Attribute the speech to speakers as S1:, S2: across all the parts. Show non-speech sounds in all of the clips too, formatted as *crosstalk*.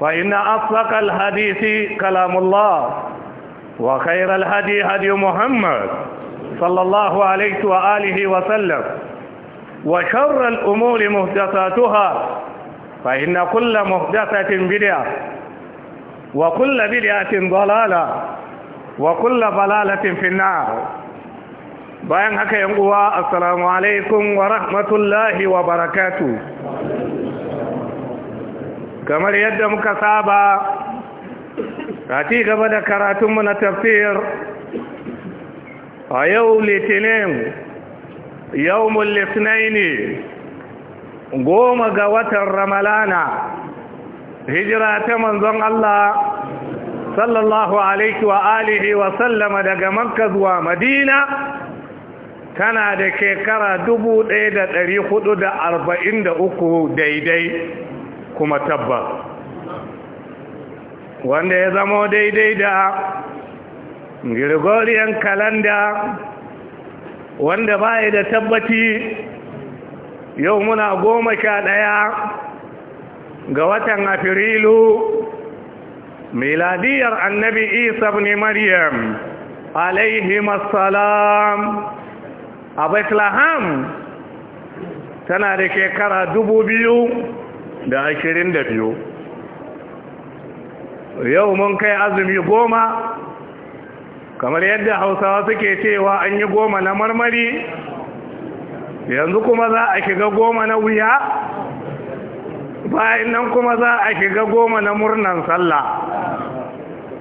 S1: فإن أصدق الحديث كلام الله وخير الهدي هدي محمد صلى الله عليه وآله وسلم وشر الأمور مهدساتها فإن كل مهدسة بدعة وكل بدعة ضلالة وكل ضلالة في النار بيان هكا ينقوى السلام عليكم ورحمة الله وبركاته kamar yadda muka saba a ci gaba da karatunmu na tafiyar, a yau litinin yau mullisnai ne goma ga watan ramalana hijira ta manzon Allah sallallahu alaihi wa alihi wa sallama daga makka zuwa madina tana da da uku daidai kuma tabba wanda ya zama daidai da gregorian kalanda wanda ba ya da tabbati yau muna goma sha ɗaya ga watan afirilu miladiyar annabi isa ne maryam alaihi masalam a bethlehem tana da shekara dubu biyu da ashirin da biyu yau mun kai azumi goma kamar yadda hausawa suke cewa an yi goma na marmari yanzu kuma za a shiga goma na wuya bayan nan kuma za a shiga goma na murnan sallah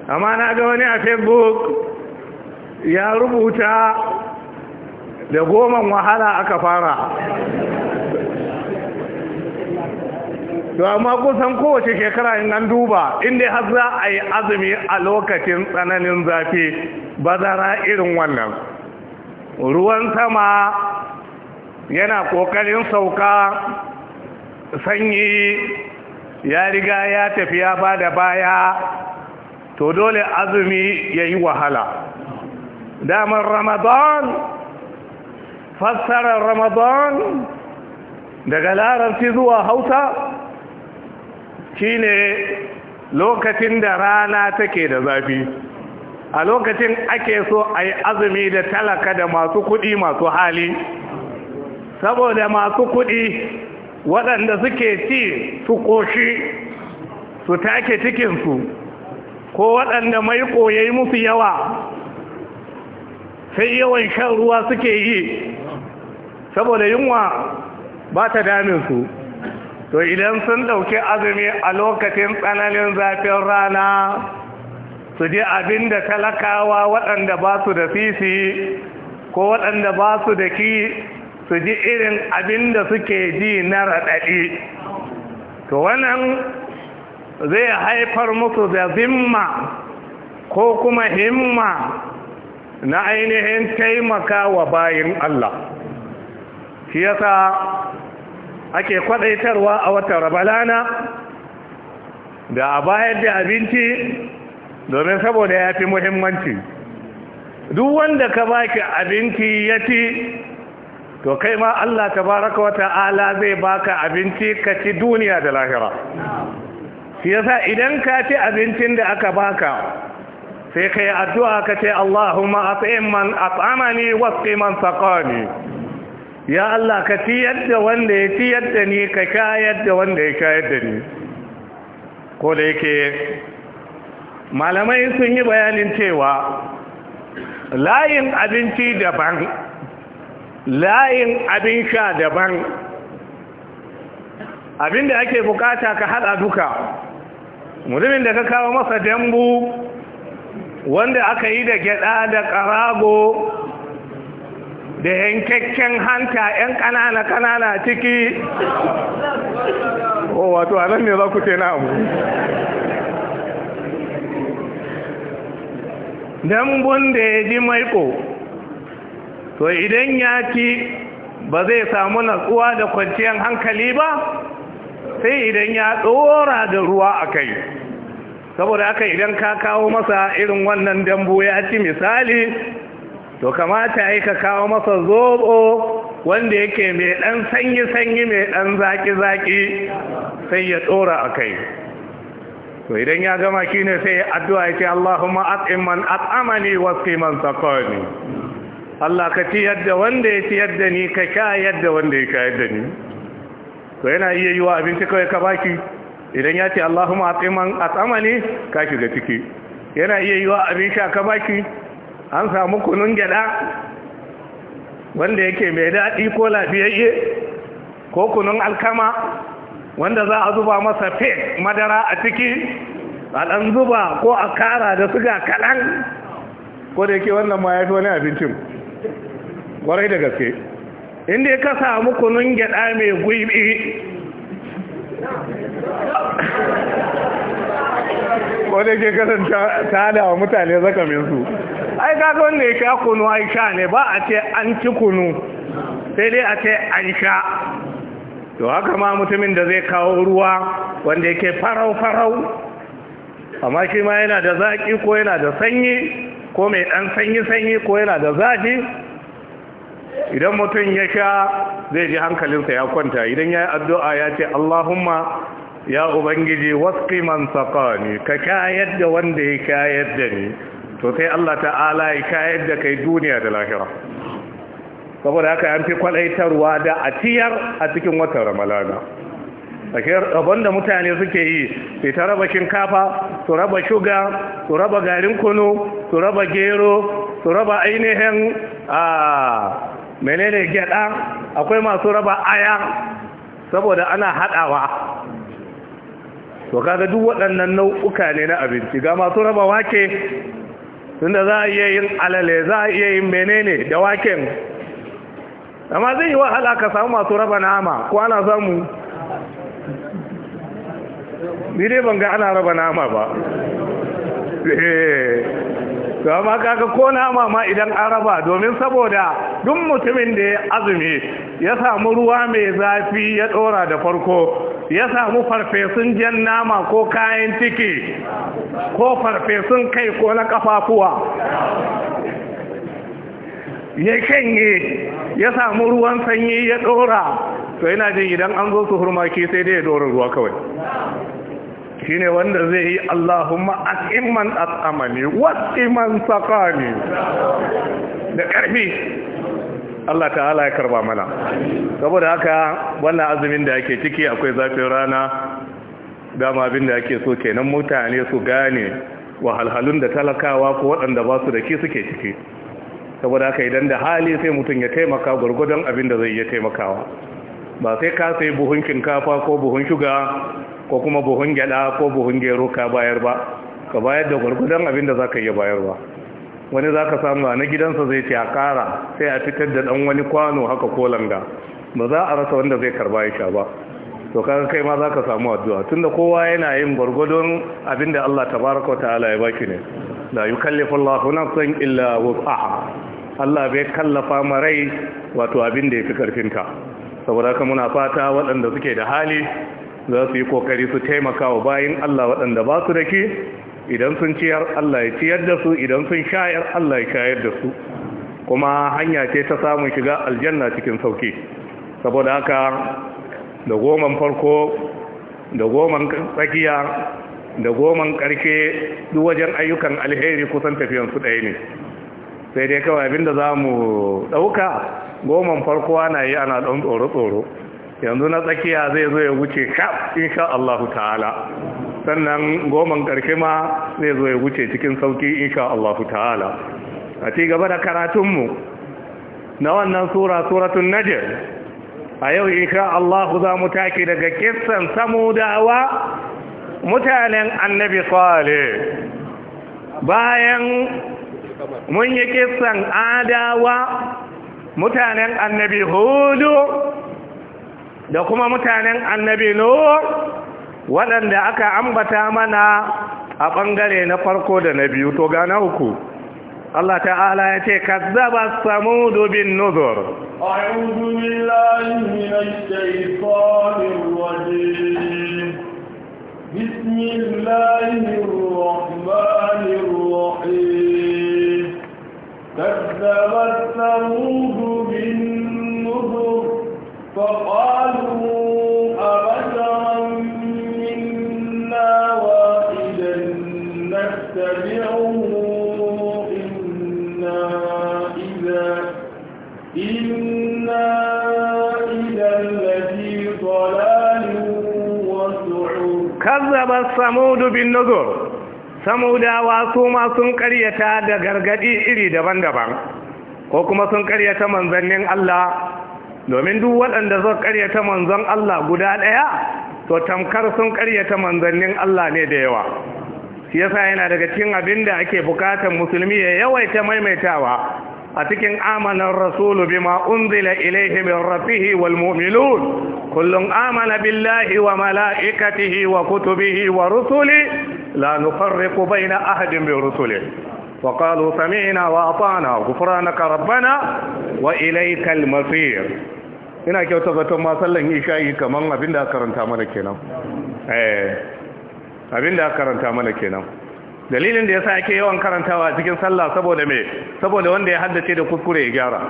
S1: amma na ga wani a facebook ya rubuta da goman wahala aka fara to amma kusan kowace shekara in an duba inda har za a yi azumi a lokacin tsananin zafi bazara irin wannan ruwan sama yana kokarin sauka sanyi ya riga ya tafiya ba da baya to dole azumi ya yi wahala damar ramadan fassarar ramadan daga larabci zuwa hausa shine lokacin da rana take da zafi a lokacin ake so a yi azumi da talaka da masu kuɗi masu hali saboda masu kuɗi waɗanda suke ci su ƙoshi su take cikinsu ko waɗanda mai yi musu yawa sai yawan shan ruwa suke
S2: yi
S1: saboda yunwa ba ta daminsu to idan sun ɗauki azumi a lokacin tsananin zafin rana su je abin da talakawa waɗanda ba su da sisi ko waɗanda ba su da ki su ji irin abin da suke ji na raɗaɗi to wannan zai haifar musu da zimma ko kuma himma na ainihin taimaka wa bayin Allah shi yasa ake kwadaitarwa a wata rabalana da a bayar da abinci domin saboda ya fi muhimmanci duk wanda ka baki abinci ya ci to kai ma Allah tabaraka wa ta'ala zai baka abinci ka ci duniya da lahira shi yasa idan ka ci abincin da aka baka sai kai addu'a ka ce Allahumma at'im at'amani wa saqani ya Allah ka ciyar da wanda ya ciyar da ni ka shayar da wanda ya shayar da ni ko da yake malamai sun yi bayanin cewa layin abinci daban layin abin sha daban abin da ake bukata ka hada duka mutumin da ka kawo masa dambu wanda aka yi da gyada da karago da yankakken hanta yan kanana kanana ciki o oh, wato a nan ne za ku ce na abu dambun da ya ji maiko to idan ya ci ba zai samu natsuwa da kwanciyar hankali ba sai idan ya tsora da ruwa a kai saboda haka idan ka kawo masa irin wannan dambu ya ci misali to kamata ai ka kawo masa zobo wanda yake mai dan sanyi sanyi mai dan zaki zaki sai ya a akai to idan ya gama kine sai addu'a ya ce Allahumma at'im man at'amani wasqi man saqani Allah ka ci yadda wanda ya ci yadda ni ka sha yadda wanda ya sha yadda ni to yana iya yiwa abinci kawai ka baki idan ya ce Allahumma at'im man at'amani ka shiga ciki yana iya yiwa abin sha ka baki an samu kunun gyada wanda yake mai daɗi ko labiyayye ko kunun alkama wanda za a zuba masa fe madara a ciki a ɗan zuba ko a kara da suga kaɗan ko da yake wannan ma ya fi wani abincin ƙwarai da gaske inda ka samu kunun gyada mai gwibi ko da yake kasance ta hada wa mutane zakaminsu ai kaga wanda ya sha kunu ai sha ne ba a ce an ci kunu sai dai a ce an sha to haka ma mutumin da zai kawo ruwa wanda yake farau-farau amma shi ma yana da zaƙi ko yana da sanyi ko mai ɗan sanyi-sanyi ko yana da zafi idan mutum ya sha zai ji hankalinsa ya kwanta idan ya yi addu'a ya ce allahumma ya ubangiji wasu man saƙani ka shayar da wanda ya shayar da ni to sai Allah ta'ala ya kayar da kai duniya da lahira saboda haka an fi kwalaitarwa da a ciyar a cikin watan ramalana abin da mutane suke yi sai ta raba shinkafa su raba shuga su raba garin kunu su raba gero su raba ainihin a menene gyada akwai masu raba aya saboda ana hadawa to kaga duk waɗannan nau'uka ne na abinci ga masu raba wake tunda za a iya yin alale za a iya yin menene da waken amma zai yi wahala ka samu masu raba nama ko ana samu dai ban ana raba nama ba eh, to amma ko nama ma idan an raba domin saboda duk mutumin da ya azumi ya samu ruwa mai zafi ya ɗora da farko ya samu farfesun jan nama ko kayan ciki ko farfesun kai ko na kafafuwa ya kenye ya samu ruwan sanyi ya dora to yana jin idan an zo su hurmaki sai dai ya dora ruwa kawai Shi ne wanda zai yi Allahumma iman al'amani wasu iman tsakani da karfi Allah ta'ala ya karba mana saboda haka wannan azumin da ake ciki akwai zafin rana dama abin da ake so kenan mutane su gane wahalhalun da talakawa ko waɗanda ba su da ki suke ciki saboda haka idan da hali sai mutum ya taimaka gwargwadon abin da zai iya taimakawa ba sai ka sai buhun shinkafa ko buhun shuga ko kuma buhun gyada ko buhun gero ka bayar ba ka bayar da gwargwadon abin da za ka iya bayarwa wani za ka samu a na gidansa zai ce a ƙara sai a fitar da ɗan wani kwano haka ko langa ba za a rasa wanda zai karba ya sha ba to kaga kai ma za ka samu addu'a tunda kowa yana yin gwargwadon abin da Allah tabaraka ta'ala ya baki ne la yukallifu Allahu nafsan illa wus'aha Allah bai kallafa marai wato abin da yafi karfinta saboda haka muna fata waɗanda suke da hali za su yi kokari su taimaka wa bayin Allah waɗanda ba su da ke idan sun ciyar Allah ya ciyar da su idan sun shayar Allah ya shayar da su kuma hanya ce ta samun shiga aljanna cikin sauki saboda haka da goman farko da goman tsakiya da goman ƙarshe duk wajen ayyukan alheri kusan su ɗaya ne sai dai kawai da za mu ɗauka goman farko ana yi ana ɗan tsoro-tsoro yanzu na tsakiya zai zo ya wuce kaf insha Allah ta'ala sannan goman ƙarshe ma zai zo ya wuce cikin sauƙi insha Allah ta'ala a ci gaba da karatunmu na wannan sura suratun najir a yau insha Allah za mu taƙi daga kissan samudawa mutanen annabi sale bayan mun yi kissan adawa mutanen annabi hudu da kuma mutanen annabi nuhu waɗanda aka ambata mana a ɓangare na farko da na biyu to gana uku Allah ta'ala ya ce kazzaba samudu bin nuzur
S2: a'udhu billahi minash فقال
S1: kazzaba samudu bin nuzur samudawa su sun karyata da gargadi iri daban-daban ko kuma sun karyata manzannin Allah domin duk waɗanda suka karyata manzon Allah guda ɗaya to tamkar sun karyata manzannin Allah ne da yawa shi yasa yana daga cikin abin da ake bukatan musulmi ya yawaita maimaitawa a cikin amanar rasulu bima unzila ilaihi min rabbih wal mu'minun kullun amana billahi wa malaikatihi wa kutubihi wa rusuli la bai na ahadin bin rusuli wa qalu sami'na wa ata'na ghufranaka rabbana wa ilaykal masir ina kyauta zaton ma sallan isha'i kaman abinda karanta mana kenan eh, abinda karanta mana kenan dalilin da ya yasa ake yawan karantawa a cikin sallah saboda me saboda wanda ya haddace da kuskure ya gyara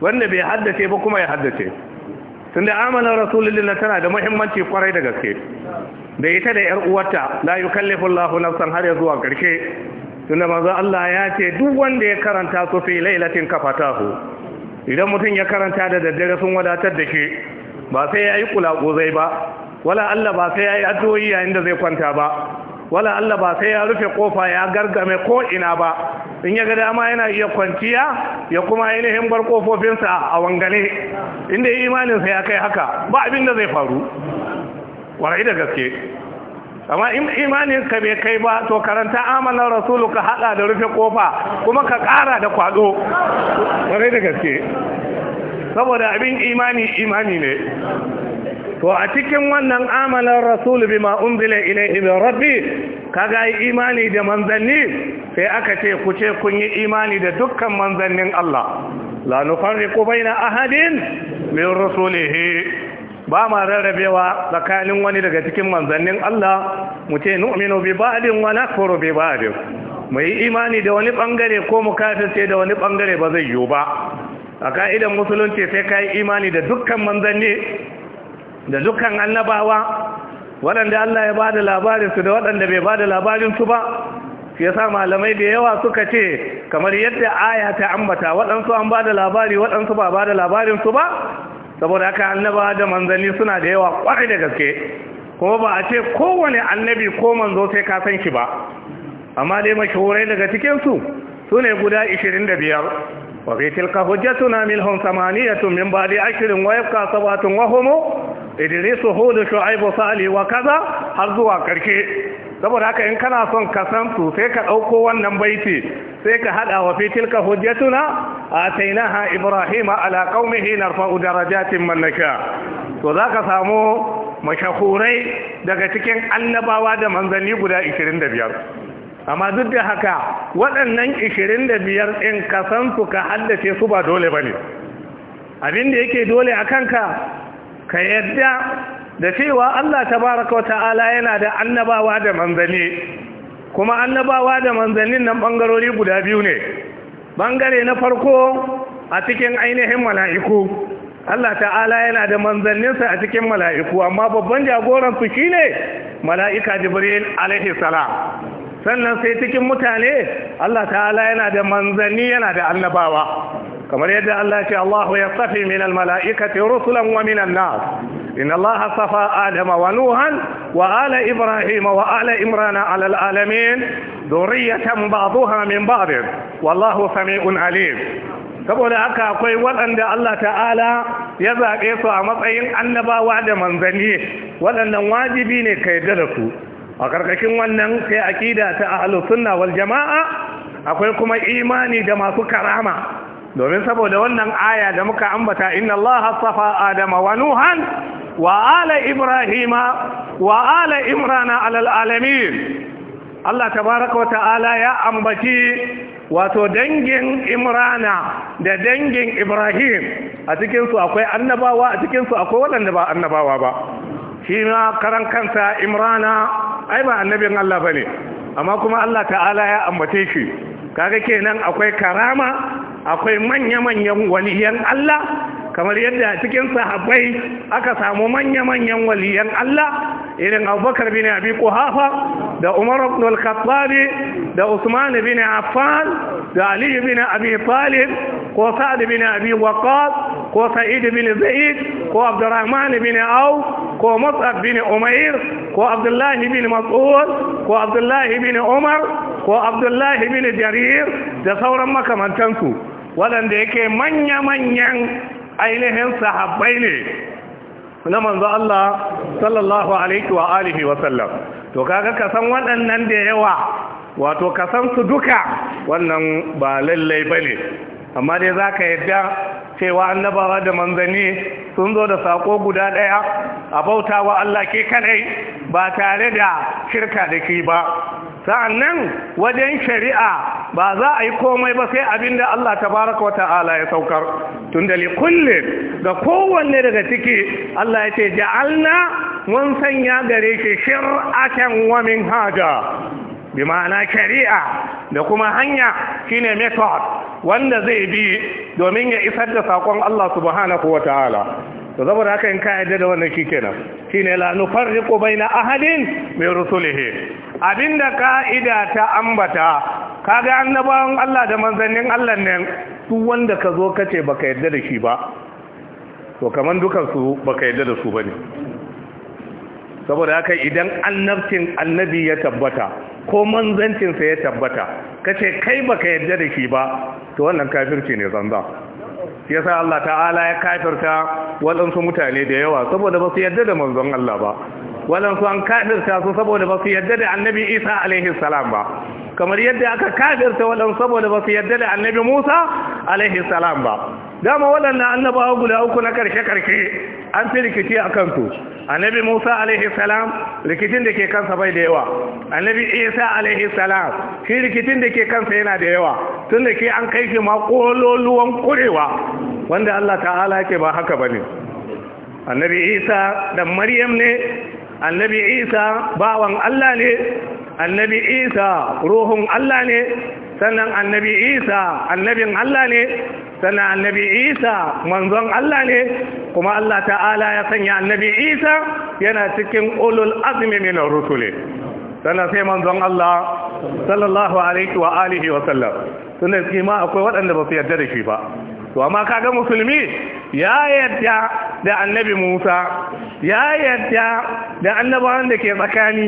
S1: wanda bai haddace ba kuma ya haddace tunda amanar rasulullah tana da muhimmanci kwarai da gaske da ita da yar uwarta la yukallifu Allahu nafsan har ya zuwa karshe tunda manzo Allah ya ce duk wanda ya karanta su fi lailatin kafatahu idan mutum ya karanta da daddare sun wadatar da shi ba sai ya yi kulaƙozai ba wala Allah ba sai ya yi addu'o'i yayin da zai kwanta ba wala Allah ba sai ya rufe kofa ya gargame ko ina ba in ya ga dama yana iya kwanciya ya kuma ainihin bar kofofinsa a wangale inda imaninsa ya kai haka ba abin da zai faru warai da gaske amma imanin ka bai kai ba to karanta amanar rasulu ka hada da rufe kofa kuma ka kara da kwado warai da gaske saboda abin imani imani ne to a cikin wannan amalan rasul bima unzila ilayhi min rabbi kaga imani da manzanni sai aka ce ku ce kun yi imani da dukkan manzannin Allah la nufarriqu baina ahadin min rusulihi ba ma rarrabewa tsakanin wani daga cikin manzannin Allah mu ce nu'minu bi ba'din wa nakfuru bi ba'din mu yi imani da wani bangare ko mu kafirce da wani bangare ba zai yiwu ba a ka'idan musulunci sai ka yi imani da dukkan manzanni da dukkan annabawa waɗanda Allah ya ba da labarinsu da waɗanda bai ba da labarinsu ba fiye yasa malamai da yawa suka ce kamar yadda aya ta ambata waɗansu an ba da labari waɗansu ba ba da labarinsu ba saboda aka annaba da manzanni suna da yawa kwarai da gaske kuma ba a ce kowane annabi ko manzo sai ka san shi ba amma dai mashahurai daga cikinsu su ne guda 25 wa fi tilka hujjatuna minhum samaniyatun min ba'di ashrin wa yabqa sabatun wa idrisu da shu'aibu sali wa kaza har zuwa karke saboda haka in kana son ka san su sai ka ɗauko wannan baiti sai ka haɗa wa fi tilka hujjatuna atainaha ibrahima ala qaumihi narfa'u darajatin man nasha to zaka samu mashahurai daga cikin annabawa da manzanni guda 25 amma duk da haka waɗannan 25 in ka san su ka haddace su ba dole bane ne abin da yake dole a kanka ka yadda da cewa Allah tabaraka wa ta'ala yana da annabawa da manzanni kuma annabawa da manzannin nan bangarori guda biyu ne bangare na farko a cikin ainihin mala'iku Allah ta'ala yana da manzanninsa a cikin mala'iku amma babban jagoransu shine mala'ika jibril alaihi sala, sannan sai cikin mutane Allah ta'ala yana da manzanni yana da annabawa kamar yadda Allah ya ce Allahu ya safi min almala'ikati rusulan wa min annas inna Allah safa Adama wa Nuhan wa ala Ibrahim wa ala Imran ala alalamin dhurriyatan ba'daha min ba'd wallahu sami'un alim saboda haka akwai waɗanda Allah ta'ala ya zaɓe su a matsayin annabawa da manzanni waɗannan wajibi ne ka yarda da su a ƙarƙashin wannan sai aƙida ta ahlus sunna wal jama'a akwai kuma imani da masu karama domin saboda wannan aya da muka ambata inna Allah safa adama wa nuhan wa ala ibrahima wa ala imrana alal alamin Allah tabaraka wa ta'ala ya ambaci wato dangin imrana da dangin ibrahim a cikinsu akwai annabawa a cikinsu akwai waɗanda ba annabawa ba shi na karan kansa imrana ai ba annabin Allah ne amma kuma Allah ta'ala ya ambace shi kaga kenan akwai karama akwai manya-manyan waliyan Allah kamar yadda a cikin sahabbai aka samu manya-manyan waliyan Allah irin abubakar bin abi kuhafa da umar ibn al-khattab da usman bin affan da ali bin abi talib ko sa'ad bin abi waqqas ko sa'id bin zaid ko abdurrahman bin auf ko mus'ab bin umair ko abdullah bin mas'ud ko abdullah bin umar ko abdullah bin jarir da sauran makamantansu waɗanda yake manya-manyan ainihin sahabbai ne na manzo Allah sallallahu alaihi wa alihi wa sallam to kaga ka san waɗannan da yawa wato ka san su duka wannan ba lallai bane amma dai zaka yadda cewa annabawa da manzani sun zo da sako guda ɗaya a bautawa Allah ke kadai ba tare da shirka da ki ba sa'annan wajen shari'a ba za a yi komai ba sai abin da Allah tabaraka wata'ala ya saukar tun da likullin ga kowanne daga ciki Allah ya ce ja'alna mun sanya gare shi shir'atan wa haja bi ma'ana shari'a da kuma hanya shine method wanda zai bi domin ya isar da sakon Allah subhanahu wata'ala to saboda haka in ka da wannan shi kenan shi ne la nufarriqu baina ahadin mai rusulihi abinda ka'ida ta ambata kaga annabawan Allah da manzannin Allah ne su wanda ka zo kace baka yadda da shi ba to kaman dukan su baka yadda da su bane saboda haka idan annabcin annabi ya tabbata ko manzancinsa ya tabbata kace kai baka yadda da shi ba to wannan kafirci ne zanzan Ya sa Allah ta'ala ya kafirta waɗansu mutane da yawa saboda ba su yadda da manzon Allah ba waɗansu an kafirta su saboda ba su yadda da annabi Isa alaihi salam ba kamar yadda aka kafirta waɗansu saboda ba su yadda da annabi Musa alaihi salam ba dama waɗannan annabawa guda uku na ƙarshe-ƙarshe an fi rikici a kansu annabi musa alaihissalam rikicin da ke kansa bai da yawa annabi isa alaihissalam shi rikicin da ke kansa yana da yawa tun da ke an kai shi ma kololuwan kurewa wanda allah ta'ala ke ba haka ba ne annabi isa da maryam ne annabi isa bawan allah ne annabi isa ruhun allah ne sannan annabi isa annabin Allah ne sannan annabi isa manzon Allah ne kuma Allah ta'ala ya sanya annabi isa yana cikin ulul azmi min rusuli sannan sai manzon Allah sallallahu alaihi wa alihi wa sallam tunda shi ma akwai waɗanda ba su yarda da shi ba to amma kaga musulmi ya yarda da annabi Musa ya yarda da annabawan da ke tsakani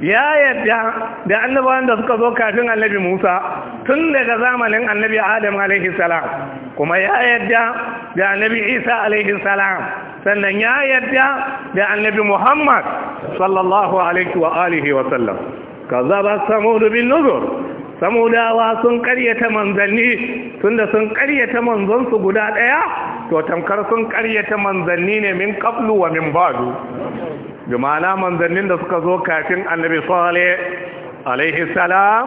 S1: ya yadda da annabawan da suka zo kafin annabi Musa tun daga zamanin annabi Adam alaihi salam kuma ya yadda da annabi Isa alaihi salam sannan ya yadda da annabi Muhammad sallallahu alaihi wa alihi wa sallam kazzaba samud bin nuzur samudawa sun karyata manzanni tunda sun karyata manzansu guda daya to tamkar sun karyata manzanni ne min qablu wa min ba'du bi ma'ana manzannin da suka zo kafin annabi salih alaihi salam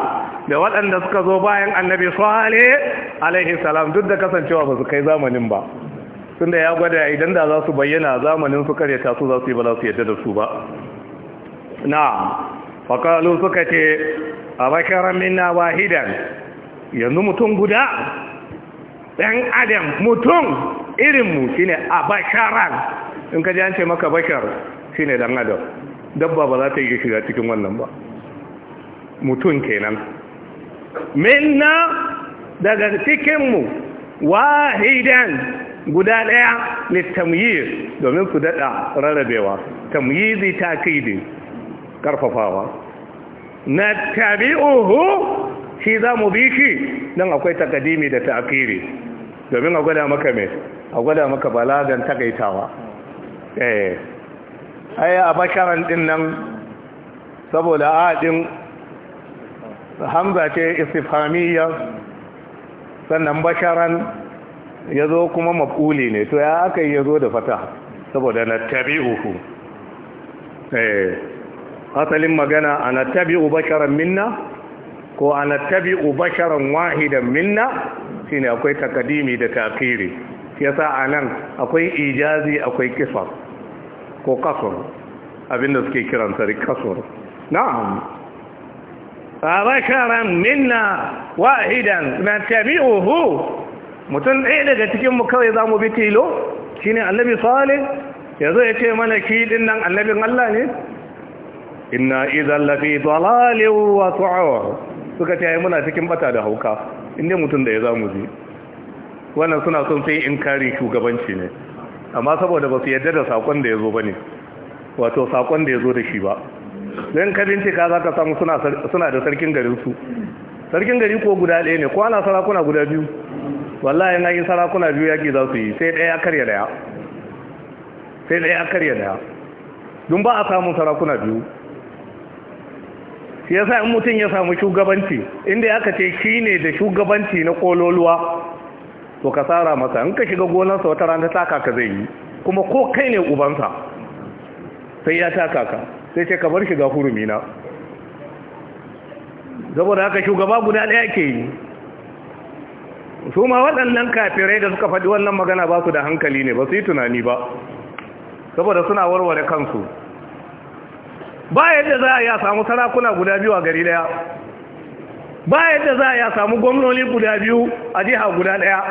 S1: da waɗanda suka zo bayan annabi sale alaihi salam duk da kasancewa ba su kai zamanin ba tunda ya gwada idan da za su bayyana zamanin su karyata su za su yi ba za su yadda da su ba na faƙalu suka ce a basharar minna wahidan yanzu mutum guda ɗan adam mutum irinmu ne a basharar in ka ji an ce maka bakar shi ne dan adam dabba ba za ta yi shiga cikin wannan ba mutum kenan minna daga cikinmu wahidan guda ɗaya littamyir domin su daɗa rarrabewa tamyizi takidi karfafawa na tabi'uhu shi za mu bi shi don akwai takadimi da ta'akiri domin a gwada maka mai a gwada maka balagan takaitawa eh ai a bakaran din nan saboda aɗin hamza ce istifhamiyya sannan bakaran ya zo kuma mafuli ne to ya aka yi ya zo da fata saboda na tabi'uhu eh, asalin magana a na tabi'u bakaran minna ko a na tabi'u bakaran wahidan minna shine akwai takadimi da takiri yasa a nan akwai ijazi akwai kifar ko kasur abinda suke kiran kiransa rikasur na'am fazakaran minna wahidan na tabi'uhu mutum ɗaya daga cikinmu kawai za mu bi tilo shi ne annabi salih ya zo ya ce mana kiɗin nan annabin Allah ne inna idan lafi dalalin wa suka ce muna cikin bata da hauka inda mutum da ya za mu ji wannan suna son sai in kare shugabanci ne amma saboda ba su yadda da sakon da ya zo ba ne wato sakon da ya zo da shi ba don ka bincika za ka samu suna da sarkin garinsu sarkin gari ko guda ɗaya ne ko ana sarakuna guda biyu wallahi yana yi sarakuna biyu yaƙi za su yi sai ɗaya karya ɗaya sai ɗaya karya ɗaya don ba a samun sarakuna biyu shi yasa in mutum ya samu shugabanci inda aka ce shi ne da shugabanci na kololuwa to ka tsara masa in ka shiga gonarsa wata rana taka ka zai yi kuma ko kai ne ubansa sai ya taka ka sai ce ka bar shiga hurumina saboda haka shugaba guda ɗaya ke yi su ma waɗannan kafirai da suka faɗi wannan magana ba su da hankali ne ba su yi tunani ba saboda suna warware kansu ba yadda za a yi a samu sarakuna guda biyu a gari ɗaya ba yadda za a ya samu gwamnoni guda biyu a jiha guda daya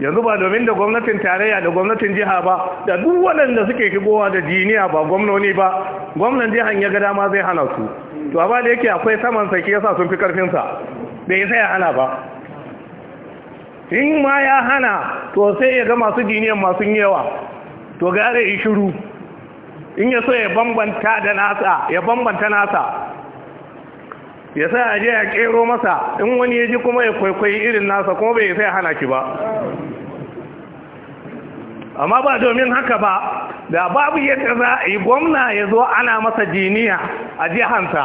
S1: yanzu ba domin da gwamnatin tarayya da gwamnatin jiha ba da duk waɗanda suke shigowa da jiniya ba gwamnoni ba gwamnan jihan ya ga ma zai hana su to ba da yake akwai saman sa yasa sun fi karfinsa bai sai ya hana ba in ma ya hana to sai ya ga masu jiniyan masu yawa to gare yi shiru in ya so ya bambanta nasa ya sa a je a kero masa in wani ya ji kuma ya kwaikwayi irin nasa kuma bai sai hana ki ba amma ba domin haka ba da babu yadda za a yi gwamna ya zo ana masa jiniya a jihansa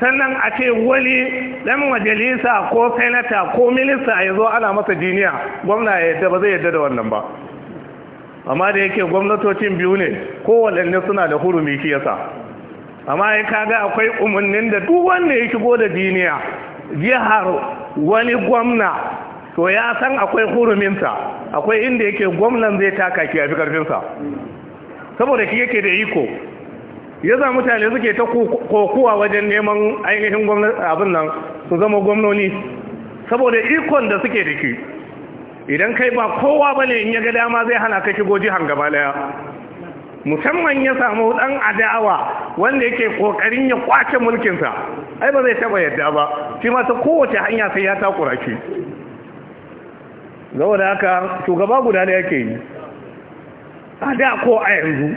S1: sannan a ce wani ɗan majalisa ko senata ko minista ya zo ana masa jiniya gwamna ya yadda ba zai yadda da wannan ba amma da yake gwamnatocin biyu ne kowanne suna da hurumi shi yasa amma ya kaga akwai umarnin da duk wanda ya shigo da duniya jihar wani gwamna to ya san akwai huruminsa akwai inda yake gwamnan zai taka ki a fi karfinsa saboda ki yake da iko ya za mutane suke ta kokuwa wajen neman ainihin gwamnan abin nan su zama gwamnoni saboda ikon da suke da ki idan kai ba kowa ba ne in ya ga dama zai hana ka shigo jihar gaba daya musamman ya samu dan adawa wanda yake kokarin ya kwace mulkinsa ai ba zai taba yadda ba shi ma ta kowace hanya sai ya takura shi zama da haka shugaba guda da yake yi a da ko a yanzu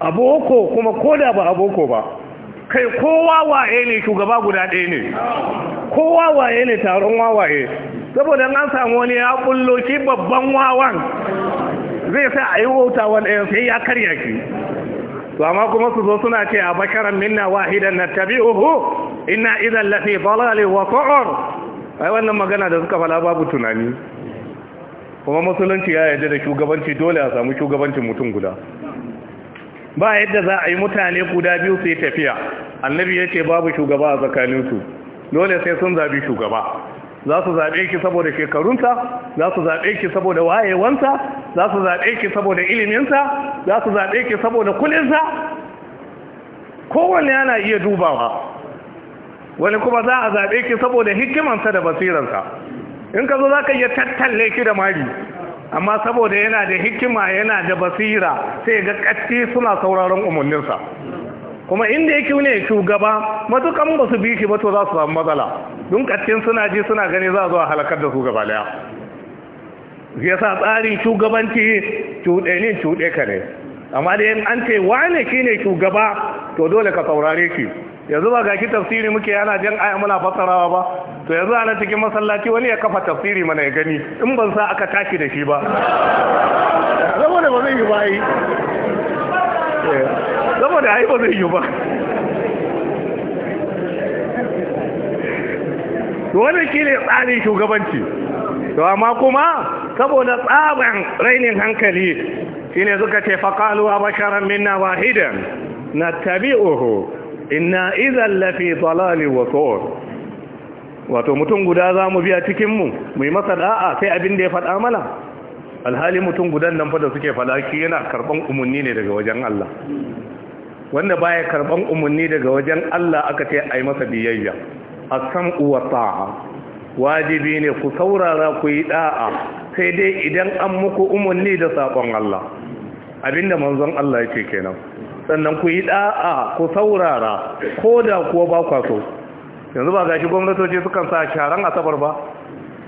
S1: aboko kuma ko da ba aboko ba kai kowa waye ne shugaba guda ɗaya ne kowa waye ne taron wawaye saboda an samu wani ya bullo shi babban wawan zai sa a yi wauta wanda sai ya karya ki to amma kuma su zo suna ce a bakaran minna wahidan na uhu ina idan lafi dalalin wa ko'or ai wannan magana da suka fala babu tunani kuma musulunci ya yarda da shugabanci dole a samu shugabancin mutum guda ba yadda za a yi mutane guda biyu su tafiya annabi ya ce babu shugaba a tsakaninsu dole sai sun zabi shugaba za su zaɓe ki saboda shekarunsa za su zaɓe ki saboda wayewansa za su zaɓe ki saboda iliminsa za su zaɓe ki saboda kulinsa kowanne yana iya dubawa wani kuma za a zaɓe ki saboda hikimansa da basiransa in ka zo za ka iya tattalle ki da mari amma saboda yana da hikima yana da basira sai ga ƙatti suna sauraron umarninsa kuma inda yake ne shugaba matukan ba su biki ba to za su samu matsala don kattin suna ji suna gani za a halakar da su gaba daya ya sa tsarin shugabanci cuɗe ne cuɗe ka ne amma da yin an ce wane ki ne shugaba to dole ka saurare ki. yanzu ba ga ki tafsiri muke yana jan aya muna fassarawa ba to yanzu ana cikin masallaci wani ya kafa tafsiri mana ya gani in ban sa aka tashi da shi ba *laughs* saboda ba zai yi bayi Eh, saboda haifo ba zai yi ba Wani shi tsarin shugabanci to amma kuma saboda tsaban rainin hankali shine suka ce a basharar minna wahidan na tabi'uhu inna izan lafi tsalali wato wato mutum guda za mu biya cikinmu mu yi masa da'a sai abin da ya faɗa mana alhali mutum gudan nan fada suke falaki yana karban umarni ne daga wajen Allah wanda baya karban umarni daga wajen Allah aka ce ai masa biyayya A san ta'a wajibi ne ku saurara ku yi da'a sai dai idan an muku umarni da sakon Allah abinda manzon Allah yake kenan sannan ku yi da'a ku saurara ko da kuwa ba kwa so yanzu ba gashi gwamnatoci sukan sa sharan asabar ba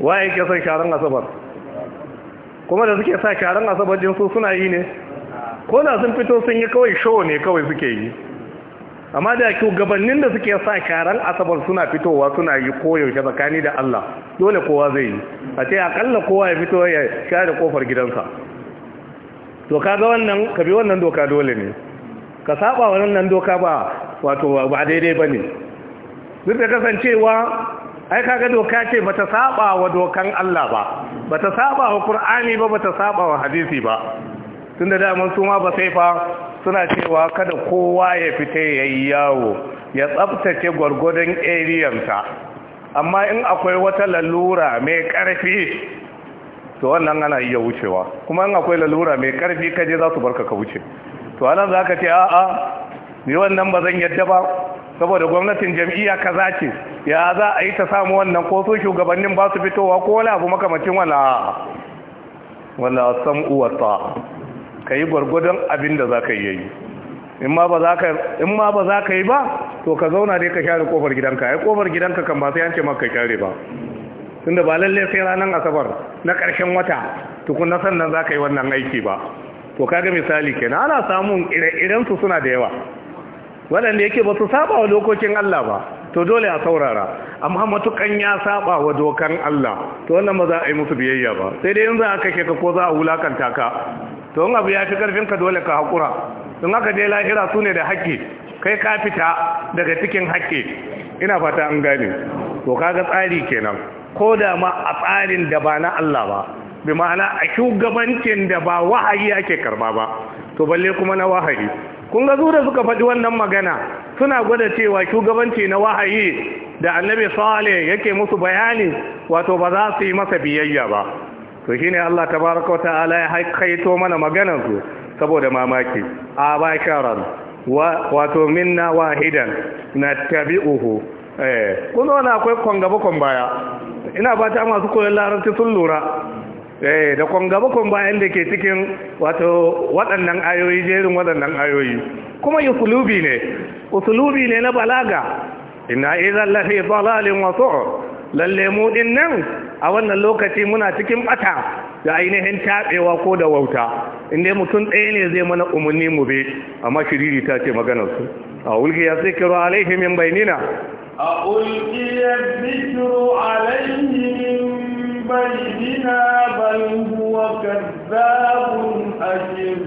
S1: waye ke son sharan asabar kuma da suke sa sharan asabar jinsu suna yi ne ko na sun fito sun yi kawai show ne kawai suke yi amma da gabanin da suke sa sharan asabar suna fitowa suna yi koyaushe tsakani da Allah dole kowa zai yi a ce akalla kowa ya fito ya share kofar gidansa to ka ga wannan ka bi wannan doka dole ne ka saba wannan doka ba wato ba daidai ba ne duk da kasancewa ai kaga doka ce bata saba wa dokan Allah ba bata saba wa Qur'ani ba bata saba wa hadisi ba tunda da mun suma ba sai fa suna cewa kada kowa ya fita yayi yawo ya tsaftace gurgurdan eriyansa amma in akwai wata lalura mai karfi to wannan ana iya wucewa kuma in akwai lalura mai karfi kaje za su barka ka wuce to anan zaka ce a'a ni wannan ba zan yadda ba saboda gwamnatin jam'iyya kaza ce ya za a yi ta samu wannan ko su shugabannin ba su fitowa ko wani abu makamacin wala wala uwa ta ka yi gwargwadon abin da za ka yi in ma ba za ka yi ba to ka zauna dai ka share kofar gidanka ya kofar gidanka kan ba sai yance maka share ba tunda ba lalle sai ranar asabar na ƙarshen wata tukun na sannan za ka yi wannan aiki ba to kaga misali kenan ana samun ire-irensu suna da yawa waɗanda yake ba su saba wa dokokin Allah ba to dole a saurara amma matukan ya saba wa dokan Allah to wannan ba za a yi musu biyayya ba sai dai in za a kashe ka ko za a wulakanta ka to in abu ya fi karfin ka dole ka hakura in aka je lahira su ne da haƙƙi kai ka fita daga cikin haƙƙi ina fata an gane to kaga tsari kenan ko da ma a tsarin da ba na Allah ba bi ma'ana a shugabancin da ba wahayi ake karba ba to balle kuma na wahayi kun ga da suka faɗi wannan magana suna gwada cewa shugabanci na wahayi da annabi salih yake musu bayani wato ba za su yi masa biyayya ba to shi ne Allah ta baraka wa ta'ala ya haikaito mana maganansu saboda mamaki a ba wato minna wahidan na tabi'uhu eh kun wani akwai kwan gaba kwan baya ina ba ta masu koyon larabci sun lura Eh, da kon gaba bayan da ke cikin wato waɗannan ayoyi jerin waɗannan ayoyi kuma usulubi ne usulubi ne na balaga ina idan lafi dalalin wasu lalle mu din nan a wannan lokaci muna cikin bata da ainihin tabewa ko da wauta inda mutum ɗaya ne zai mana umarni mu be amma shiriri ta ce maganar su a wulki ya sai kiro bainina
S2: a wulki ya zikiru alaihi بأمرنا بل هو كذاب أجل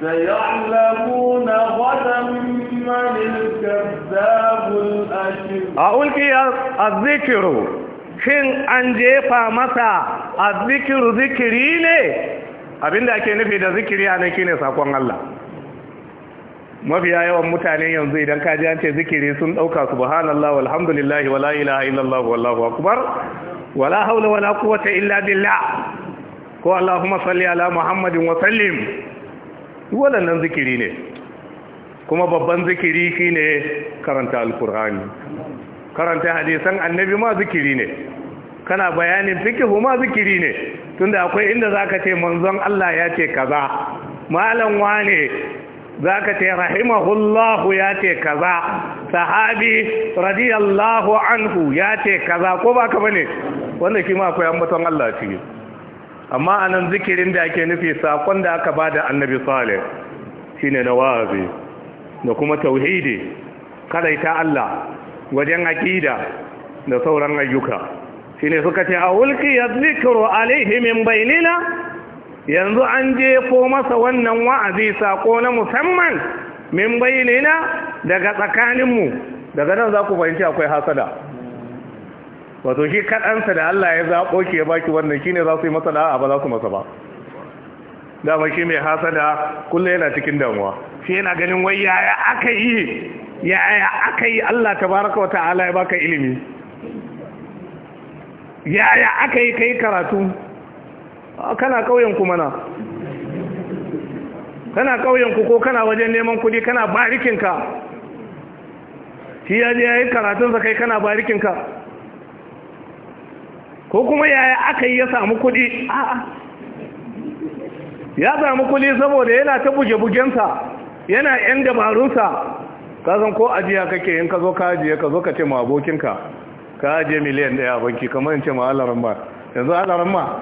S2: سيعلمون غدا من الكذاب الأجل
S1: أقول كي الذكر كن أنجي فامسا الذكر azzikiru zikiri ne abinda ake nufi da zikiri a nan shine sakon Allah mafiya yawan mutane yanzu idan ka ji an ce zikiri sun dauka subhanallahi walhamdulillahi wala ilaha illallah wallahu akbar wala haula wala quwwata illa billah ko Allahumma salli ala Muhammadin wa sallim waɗannan zikiri ne kuma babban zikiri shine karanta alkur'ani karanta hadisan annabi ma zikiri ne kana bayanin fikihu ma zikiri ne tunda akwai inda zaka manzon Allah ya ce kaza malam wane zaka ce rahimahullahu ya ce kaza sahabi radiyallahu anhu ya ce kaza ko baka bane wanda shi ma akwai ambaton Allah ce amma anan zikirin da ake nufi sakon da aka bada annabi salih shine na wazi da kuma tauhidi Karaita Allah wajen aqida da sauran ayyuka shine suka ce a wulki yadhkuru alaihi min bainina yanzu an je ko masa wannan wa'azi sako na musamman min bainina daga tsakaninmu daga nan za ku fahimci akwai hasada wato shi kaɗansa da Allah ya zaɓo ke baki wannan ne za su yi masa da'a ba za su masa ba dama shi mai hasada kullum yana cikin damuwa shi yana ganin wai yaya
S2: aka yi
S1: yaya aka yi Allah ta baraka wa ta'ala ya baka ilimi yaya aka yi kai karatu kana kauyen ku mana kana kauyen ku ko kana wajen neman kudi kana barikinka shi ya je yayi karatun sa kai kana barikinka ko kuma yaya aka yi ya samu kuɗi a'a ya samu kudi saboda yana ta buge-bugensa yana yan dabarunsa zan ko ajiya kake yin ka zo ka ajiye ka zo ka ce ma abokinka ka ajiye miliyan ɗaya a banki kamar in ce ma alaran ba yanzu alaran ma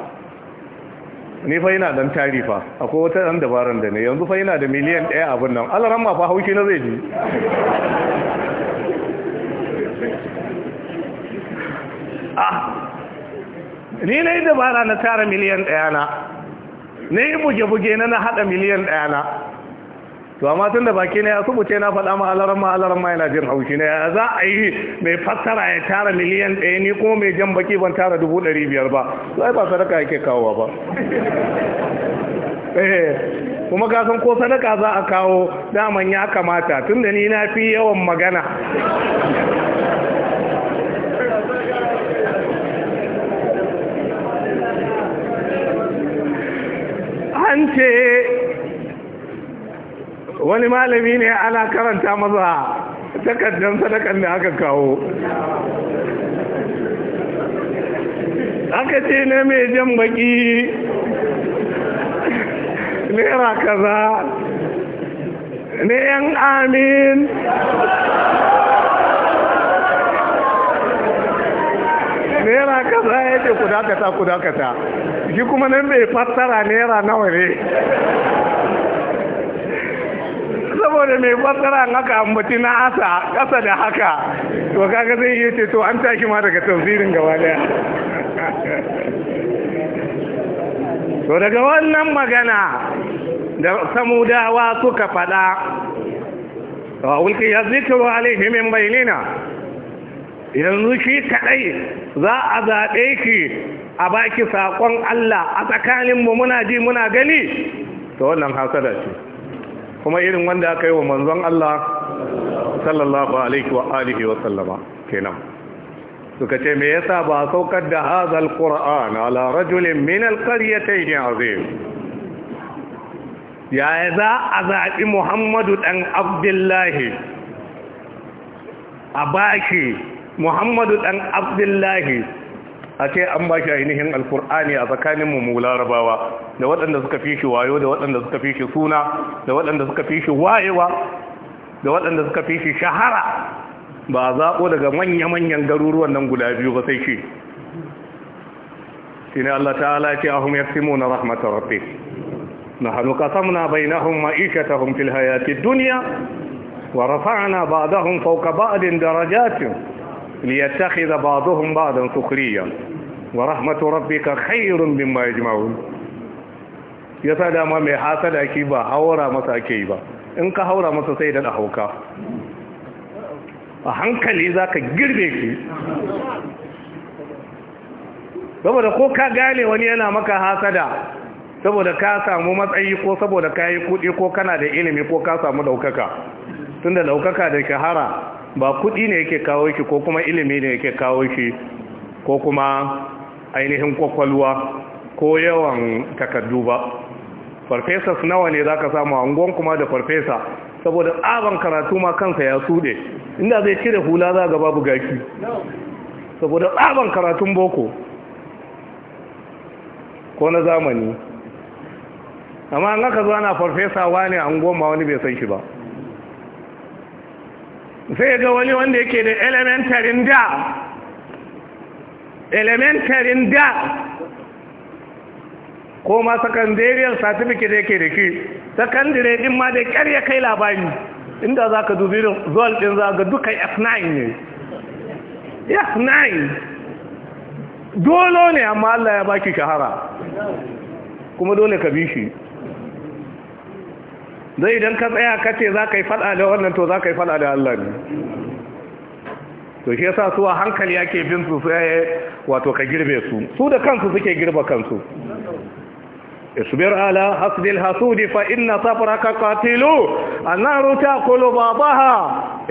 S1: ni fa yana dan tarifa akwai wata dan dabaran da ne yanzu fa yana da miliyan ɗaya abin nan alaran ma fa haushi na zai ji ni na yi dabara na tara miliyan ɗaya na na yi buge-buge na na haɗa miliyan ɗaya na to amma tun da baki na ya subuce na faɗa ma ma'alarar ma yana jin haushi na. ya za a yi mai fassara ya tara miliyan ɗaya ni kuma mai jan baki ban tara dubu ɗari biyar ba zai ba sadaka yake kawowa ba *laughs* eh, kuma ka san ko sadaka za a kawo daman ya kamata tun da ni na fi yawan magana wani malami ne ana karanta maza takardar sadakan da aka kawo
S3: aka ce
S2: na mai jan baki naira kaza ne yan amin
S1: naira kaza kudakata kudakata shi kuma nan bai fassara naira nawa ne saboda mai fassara haka ambaci na asa kasa da haka to kaga zai yi ce to an tashi ma daga tausirin gaba daya to daga wannan magana da samudawa suka faɗa wa wulki ya zikiru min yanzu shi kaɗai za a zaɓe ki a baki saƙon Allah a tsakaninmu muna ji muna gani to wannan hasada ce kuma irin wanda aka yi wa manzon Allah sallallahu alaihi wa alihi wa sallama kenan suka ce me yasa ba saukar da hazal qur'an ala rajulin min alqaryatayn azim ya za a zaɓi muhammadu ɗan abdullahi a baki? muhammadu dan abdullahi a ce an ba shi ainihin alkur'ani a tsakanin mu larabawa da waɗanda suka fi shi wayo da waɗanda suka fi shi suna da waɗanda suka fi shi wayewa da waɗanda suka fi shi shahara ba a zaɓo daga manya-manyan garuruwan nan guda biyu ba sai shi shi ne Allah ta'ala ce ahum yaksimu na rahmatar rabbi na hannu kasamna bainahum ta fil hayati duniya wa rafa'na ba'dahum fawqa ba'din darajatin liyattakhidha ba'dhum ba'dan sukhriya wa rahmatu rabbika khairun mimma yajma'un yasa dama mai hasada ki ba haura masa ake yi ba in ka haura masa sai da hauka a hankali zaka girbe ki saboda ko ka gane wani yana maka hasada saboda ka samu matsayi ko saboda ka yi kudi ko kana da ilimi ko ka samu ɗaukaka. tunda ɗaukaka da shahara ba kuɗi ne yake kawo shi ko kuma ilimi ne yake kawo shi ko kuma ainihin kwakwalwa ko yawan takardu ba farfesas nawa ne za ka samu angon kuma da farfesa saboda tsaban karatu ma kansa ya tsude inda zai cire hula za ga babu gaki saboda tsaban karatun boko ko na zamani amma an aka zo ana farfesa wani an ma wani bai san shi ba sai ga wani wanda yake da elementarin da elementarin da ko ma sakandariyar certificate da yake da ke sakandare din ma da kyar ya kai labari inda za ka dubi zuwa din za ga duka f9 ne f9 dolo ne amma Allah ya baki shahara kuma dole ka bi shi zai idan ka tsaya ka ce za ka yi fada da wannan to za ka yi fada da Allah ne to shi yasa su a hankali ake bin su su yaye wato ka girbe su su da kansu suke girba kansu اصبر على حسد الحسود فإن صبرك قاتل النار تأكل بعضها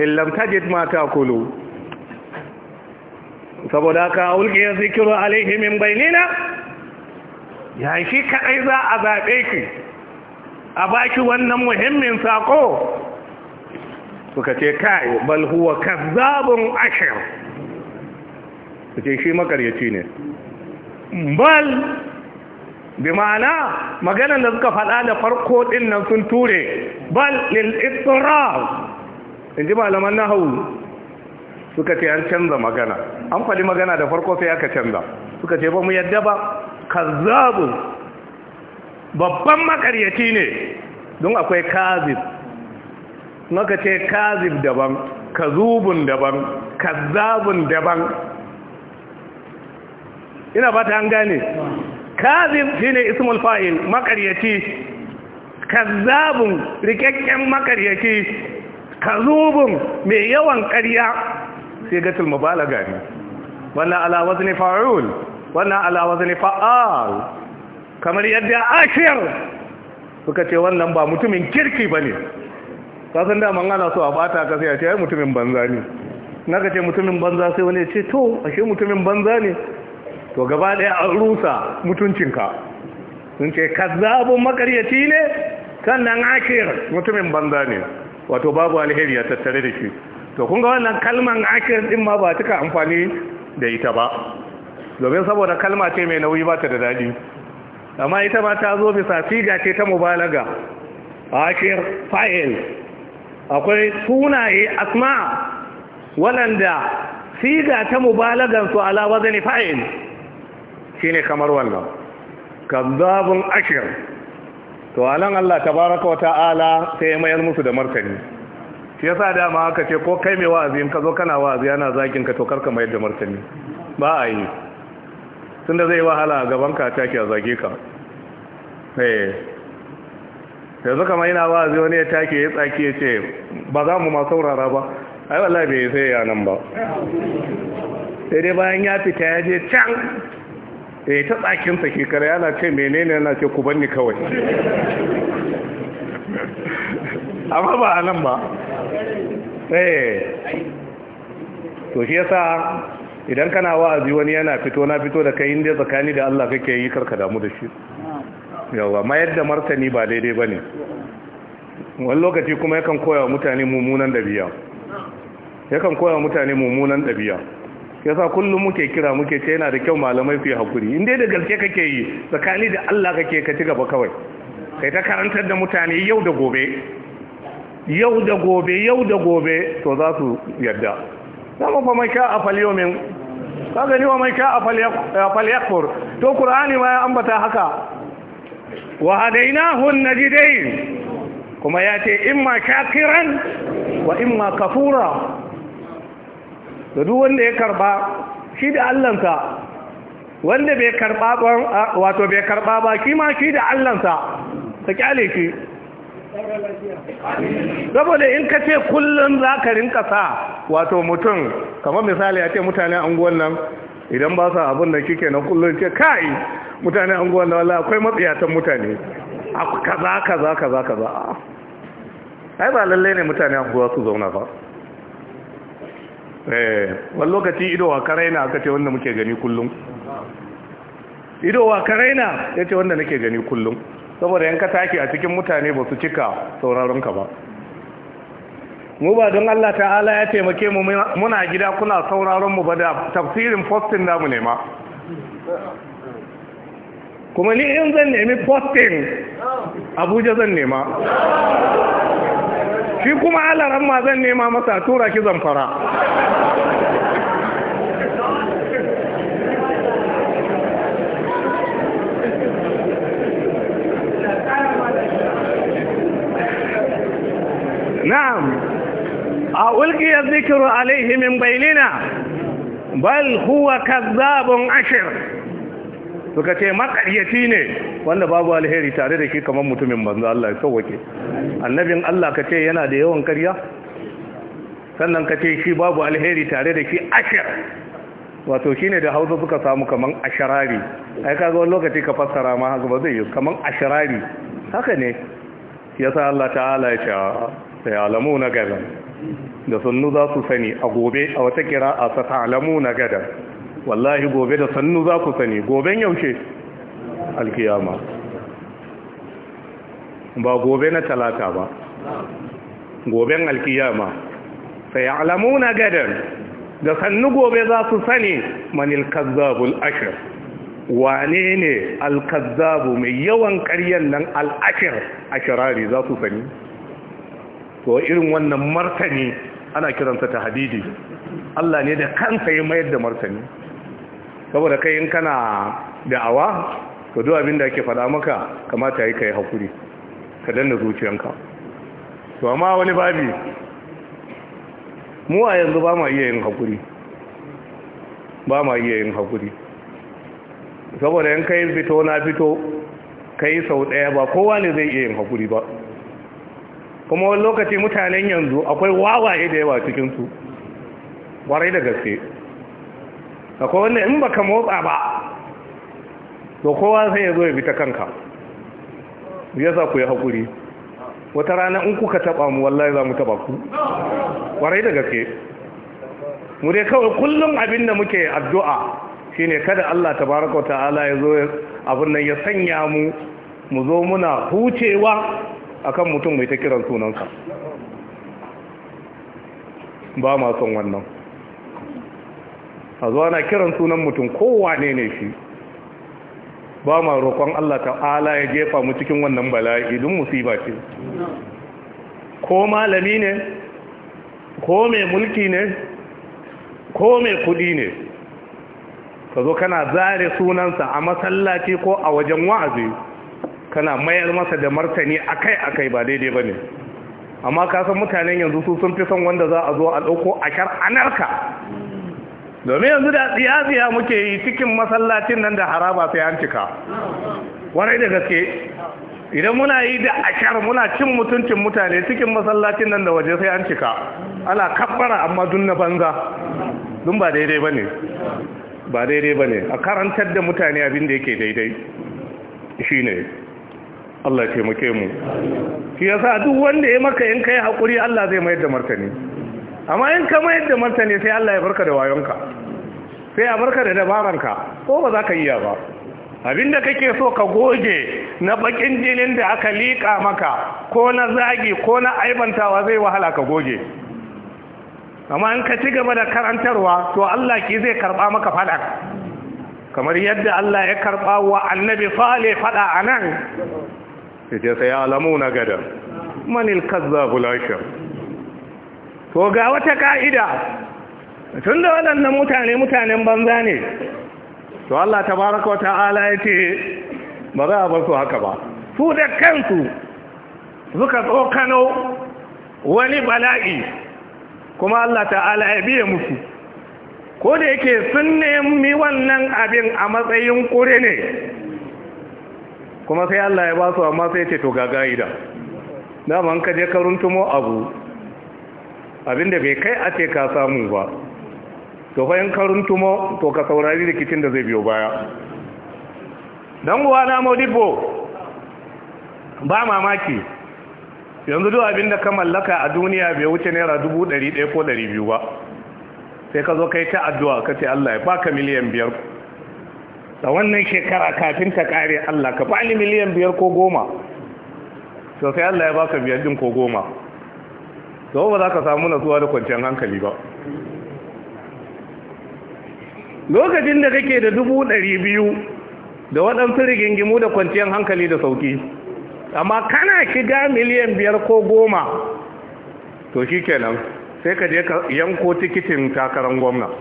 S1: babaha. لم tajid ma taqulu saboda ka ulki zikiru alaihim min bainina ya shi kadai za a zaɓe ki a baki wannan muhimmin sako suka ce kai bal huwa kazzabun ashir suke shi makaryaci ne bal bi ma'ana maganan da suka faɗa da farko ɗin nan sun ture bal lil ittirar in ji malaman na hau. suka ce an canza magana an faɗi magana da farko sai aka canza suka ce ba mu yadda ba kazzabun babban makaryaci ne don akwai kazib maka ce kazib daban kazubun daban kazzabun daban ina ba ta an gane kazib shine ismul fa'il makaryaci kazzabun rikakken makaryaci kazubun mai yawan ƙarya sai gatul mubalaga ne wannan ala wazni fa'ul wannan ala wazni fa'al kamar yadda ashir suka ce wannan ba mutumin kirki ba ne kasan daman ana so a bata ka sai a ce mutumin banza ne na ka ce mutumin banza sai wani ce to ashe mutumin banza ne to gaba ɗaya an rusa mutuncinka sun ce kazzabun makaryaci ne sannan ashir mutumin banza ne wato babu alheri ya tattare da shi to kun ga wannan kalman ashir din ma ba cika amfani da ita ba domin saboda kalma ce mai nauyi ba ta da daɗi amma ita ma ta zo bisa figa ce ta mubalaga akir fa'il akwai sunaye asma waɗanda figa ta mubalagan su ala fail. fa'il ne kamar wannan kazzabun ashir to alan Allah tabaraka wa ta'ala sai ya mayar musu da martani shi sa dama aka ce ko kai mai wa'azi in ka zo kana wa'azi yana zaginka ka to ka mayar da martani ba a yi tun da zai wahala a gaban ka take a zage ka eh. yanzu kamar yana ba zai wani ya take ya tsaki ya ce ba za mu ma saurara ba ai wallahi bai sai ya nan ba sai dai bayan ya fita ya je can eh ta tsakin sa kekara yana ce menene yana ce ku banni kawai
S3: *laughs* amma ba a nan ba eh
S1: to shi yasa idan kana wa'azi wani yana fito na fito da kai inda tsakani da Allah kake yi karka damu da shi yawa mayar da martani ba daidai ba ne wani lokaci kuma yakan koya wa mutane mummunan ɗabi'a yakan koya wa mutane mummunan ɗabi'a yasa kullum muke kira muke ce yana da kyau malamai fi hakuri inda da gaske kake yi tsakani da Allah kake ka ci gaba kawai kai ta karantar da mutane yau da gobe yau da gobe yau da gobe to za su yadda. dama fa mai sha falyomin ka gani wa mai sha a falyakfur to ƙur'ani ma ya ambata haka wa hadaina hadainahu najidain kuma ya ce imma shakiran wa imma kafura da duk wanda ya karba shi da allansa wanda bai karba wato bai karba ba shi ma shi da allansa ta kyale shi
S3: saboda in ka ce kullum
S1: za ka rinka sa wato mutum kamar misali a ce mutane anguwan nan idan ba sa abin da kike na kullum ce kai mutane anguwan nan wala akwai matsiyatan mutane kaza kaza kaza kaza ai ba lalle ne mutane anguwa su zauna ba eh, wani lokaci ido wa karai na aka ce wanda muke gani kullum ido wa karai na ya ce wanda nake gani kullum saboda yanka take a cikin mutane ba su cika sauraronka ba mu ba don Allah ta'ala ya taimake mu muna gida kuna sauraron mu ba da tafsirin postin namu ne ma kuma ni in zan nemi postin
S3: abuja zan nema shi kuma alaran ma
S1: zan nema masa tura ki zamfara
S2: na'am
S1: a ulqiya dhikru alayhi min bainina bal huwa kadhabun ashir suka ce makaryaci ne wanda babu alheri tare da shi kamar mutumin banzu, Allah ya sauwake annabin Allah ka ce yana da yawan karya sannan ka ce shi babu alheri tare da shi ashir wato shi ne da hausa suka samu kaman ashirari ai kaga wani lokaci ka fassara ma haka ba zai yi kaman ashirari haka ne yasa Allah ta'ala ya ce sai alamu na gada da sannu za su sani a gobe a wata kira a sata alamu na gada wallahi gobe da sannu za ku sani goben yaushe alkiyama ba gobe na talata ba goben alkiyama sai alamu na gada da sannu gobe za su sani manil kazzabul ashir wane ne alkazzabu mai yawan karyar nan al'ashir a shirari za su sani to irin wannan martani ana kiranta ta hadidi Allah ne da kansa ya mayar da martani saboda kai in kana da'awa to duk abin da ake fada maka kamata yi kai hakuri ka danna zuciyanka to amma wani babi mu a yanzu ba ma iya yin hakuri ba ma iya yin hakuri saboda yan kai fito na fito kai sau ɗaya ba kowa ne zai iya yin hakuri ba kuma wani lokaci mutanen yanzu akwai wawaye da yawa cikinsu warai da gaske akwai wanda in baka motsa ba to kowa sai ya zo ya bi ta kanka za ku yi haƙuri wata rana in kuka taɓa mu wallahi za mu taɓa ku warai da gaske mu dai kawai kullum abin da muke addu'a shine kada Allah tabaraka wa ta'ala ya zo abin nan ya sanya mu mu zo muna hucewa akan mutum mai ta kiran sunansa ba ma son wannan a zuwa na kiran sunan mutum kowane ne shi ba ma roƙon Allah ta'ala ya jefa mu cikin wannan bala'i don musiba ce ko malami ne ko mai mulki ne ko mai kudi ne ka zo kana zare sunansa a masallaci ko a wajen wa'azi kana mayar masa da martani akai akai ba daidai ba ne amma ka san mutanen yanzu su sun fi son wanda za a zo a ɗauko a kyar anarka domin yanzu da tsiyaziya muke yi cikin masallacin nan da haraba sai an cika warai da gaske idan muna yi da a kyar muna cin mutuncin mutane cikin masallacin nan da waje sai an cika ana kabbara amma dun na banza dun ba daidai ba ne ba daidai ba ne a karantar da mutane abin da yake daidai shi ne Allah ya taimake mu shi yasa duk wanda ya maka in kai hakuri Allah zai mayar da martani amma in ka mayar da martani sai Allah ya barka da wayonka sai ya barka da dabaranka ko ba za ka iya ba abinda kake so ka goge na bakin jinin da aka lika maka ko na zagi ko na aibantawa zai wahala ka goge amma in ka ci gaba da karantarwa to Allah ki zai karba maka fada kamar yadda Allah ya karba wa annabi faɗa fada nan. sai ce sai alamu na gada manil kazza ashir to ga wata ka'ida tun da waɗannan mutane mutanen banza ne to Allah tabaraka wa ta'ala ya ce ba za a bar su haka ba su da kansu suka tsokano wani bala'i kuma Allah ta'ala ya biye musu ko da yake sun nemi wannan abin a matsayin kure ne kuma sai Allah ya ba su amma sai ce to ga ga'ida dama an kaje ka runtumo abu abinda bai kai a ce ka samu ba to fa in karuntumo to ka saurari rikicin da zai biyo baya dan uwa na modibo ba mamaki yanzu duk abin da ka mallaka a duniya bai wuce naira dubu ɗari ko 200 biyu ba sai ka zo kai ta addu'a ka ce Allah ya baka miliyan biyar da wannan shekara kafin ta kare Allah ka bani miliyan biyar ko goma so sai Allah ya baka biyar din ko goma to ba za ka samu natsuwa da kwanciyar hankali ba lokacin da kake da dubu ɗari biyu da waɗansu rigingimu da kwanciyar hankali da sauki amma kana shiga miliyan biyar ko goma to shi kenan sai ka je yanko tikitin takarar gwamna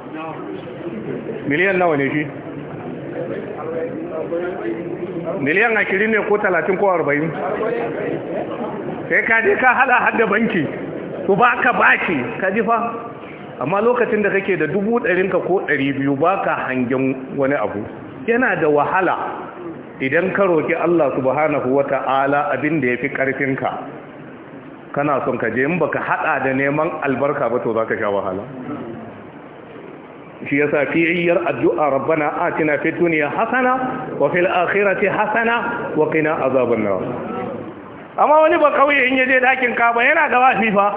S1: miliyan nawa ne shi miliyan ashirin ne ko talatin ko arba'in sai ka je ka hada hada banki su ba ka baki ka ji fa amma lokacin da kake da dubu ɗarinka ko ɗari biyu ba ka hangen wani abu yana da wahala idan ka roƙi Allah subhanahu wa ta'ala abin da ya fi ƙarfinka kana son ka je in ka haɗa da neman albarka ba to za ka sha wahala shi yasa fi'iyar addu'a rabbana atina fid dunya hasana wa fil akhirati hasana wa qina azaban nar amma wani ba kauye in yaje dakin kaba yana gaba fifa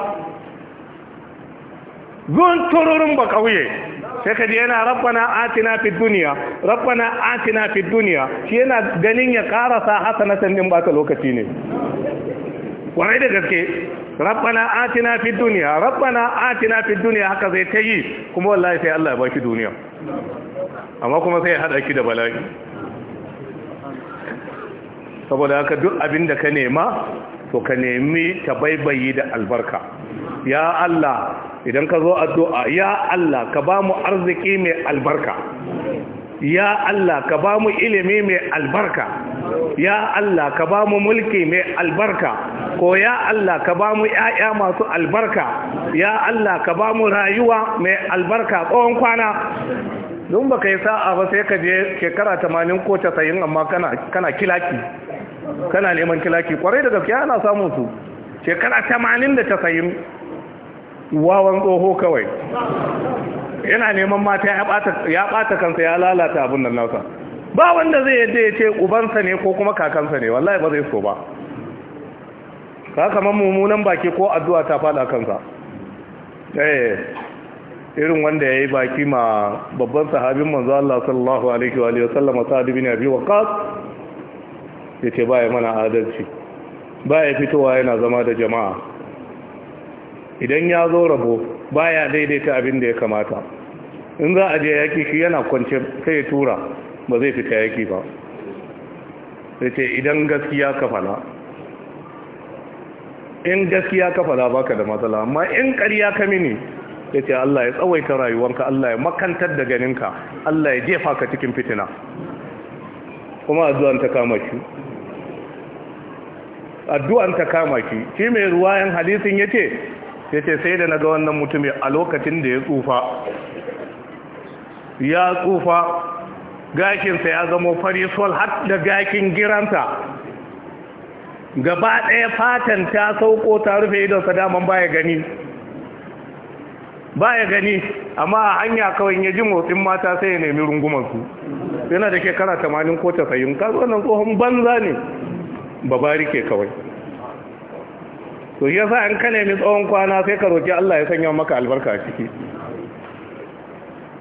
S1: gun tururin ba kauye sai ka ji yana rabbana atina fid dunya rabbana atina fid dunya shi yana ganin ya karasa hasanatan din ba ta lokaci ne kwarai da gaske rabbana atina fid dunya rabbana atina fi duniya. haka zai ta yi kuma wallahi sai Allah ya baki duniya amma kuma sai ya hada ki da bala'i saboda haka duk abin da ka nema to ka nemi ta tabaibayi da albarka ya Allah idan ka zo addu'a ya Allah ka ba mu arziki mai albarka ya Allah ka ba mu ilimi mai albarka ya Allah ka ba mu mulki mai albarka ko ya Allah ka ba mu ‘ya'ya masu albarka ya Allah ka ba mu rayuwa mai albarka tsohon kwana don ba ka yi sa'a ba sai ka je shekara tamanin ko tasayin amma kana kilaki kana neman kilaki kwarai da gaskiya ana samun su shekara tamanin da tasayin wawan tsoho kawai yana neman mata ya ɓata kansa ya lalata abin nan nasa ba wanda zai yadda ya ce ubansa ne ko kuma kakansa ne wallahi ba zai so ba ka kamar mummunan baki ko addu'a ta fada kansa eh irin wanda yayi baki ma babban sahabin manzo Allah sallallahu alaihi wa alihi sallama Sa'd ibn Abi Waqqas yace baya mana adalci baya fitowa yana zama da jama'a idan ya zo rabo baya daidaita abin da ya kamata in za a je yaki shi yana kwance sai tura ba zai fita yaki ba ce idan gaskiya ka fala in gaskiya ka fada baka da matsala amma in ƙarya ka mini ya ce Allah ya tsawaita rayuwanka Allah ya makantar da ganinka Allah ya jefa ka cikin fitina kuma addu'an ta kama shi addu'an ta kama shi shi mai ruwayan hadisin ya ce ya ce sai da na ga wannan mutumin a lokacin da ya tsufa ya tsufa gashinsa ya zama farisol har da gashin giransa gaba ɗaya fatan ta sauko ta rufe sa daman baya gani baya gani amma a hanya kawai ya ji motsin mata sai ya nemi rungumansu yana da shekara tamanin ko tafayin kasu wannan tsohon banza ne babari ke kawai to shi yasa an ka nemi tsohon kwana sai ka roƙi Allah ya sanya maka albarka a ciki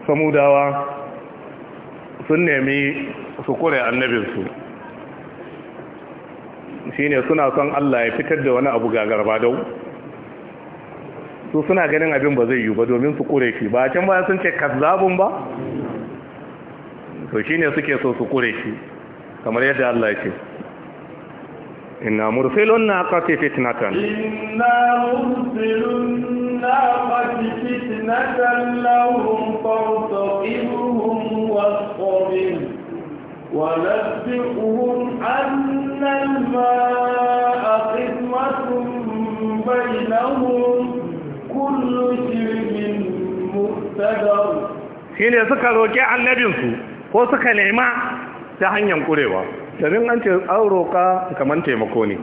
S1: samudawa sun nemi su kure annabinsu shine suna son Allah ya fitar da wani abu gagarba dau su suna ganin abin ba zai yi ba domin su kure shi ba can baya sun ce kazzabun ba to shine suke so su kure shi kamar yadda Allah ya ce inna mursilun naqati fitnatan inna mursilun naqati
S2: fitnatan lahum fawtaqihum wasqabihum ونبئهم أن الماء قسمة بينهم كل شرب مقتدر
S1: shine suka roƙi annabinsu ko suka nema ta hanyar ƙurewa domin an ce an roƙa kamar taimako ne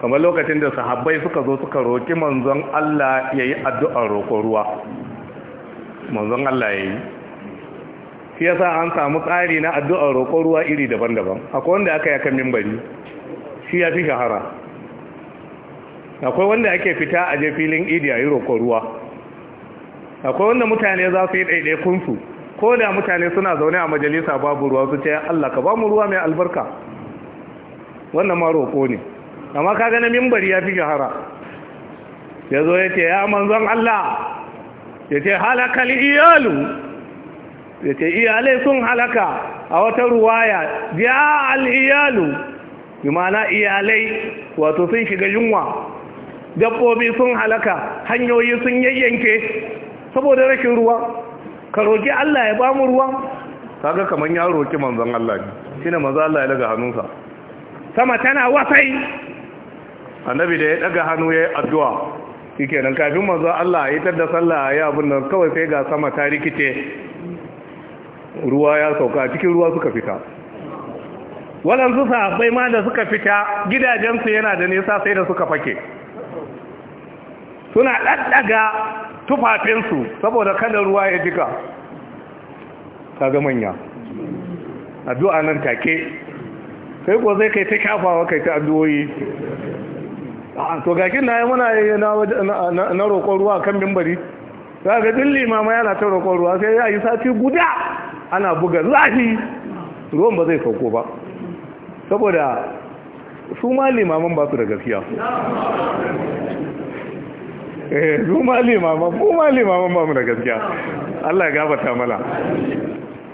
S1: kamar lokacin da sahabbai suka zo suka roƙi manzon Allah ya yi addu'ar roƙon ruwa manzon Allah ya yi shi yasa an samu tsari na addu'ar roƙon ruwa iri daban-daban akwai wanda aka yi kan mimbari shi ya fi shahara akwai wanda ake fita a je filin idi a yi roƙon ruwa akwai wanda mutane za su yi kunsu ko da mutane suna zaune a majalisa babu ruwa su ce Allah ka ba mu ruwa mai albarka wannan ma roƙo ne amma ka gani mimbari ya fi shahara ya zo ya ce ya manzon Allah ya ce halakali iyalu ya ce iyalai sun halaka a wata ruwaya ya al'iyalu bi iyalai wato sun shiga yunwa dabbobi sun halaka hanyoyi sun yayyanke saboda rashin ruwa ka roƙi Allah ya ba mu ruwa kaga kaman ya roƙi manzon Allah ne shine manzon Allah ya daga hannunsa sama tana wasai annabi da ya daga hannu ya addu'a shikenan kafin manzon Allah ya tada sallah ya abin nan kawai sai ga sama ta rikice ruwa ya sauka cikin ruwa suka fita waɗansu sahabbai ma da suka fita gidajensu yana da nesa sai da suka fake suna ɗaɗɗaga tufafinsu saboda kada ruwa ya jika ga manya addu'a nan take sai ko zai kai ta shafawa kai ta addu'oyi ah, to gakin na yi muna na roƙon ruwa kan bimbari za ga dillima ma yana ta roƙon ruwa sai ya yi sati guda ana buga zafi ruwan ba zai sauko ba saboda su ma limaman ba su da gaskiya eh su ma limaman mu ma limaman ba mu da gaskiya Allah ya gabata mala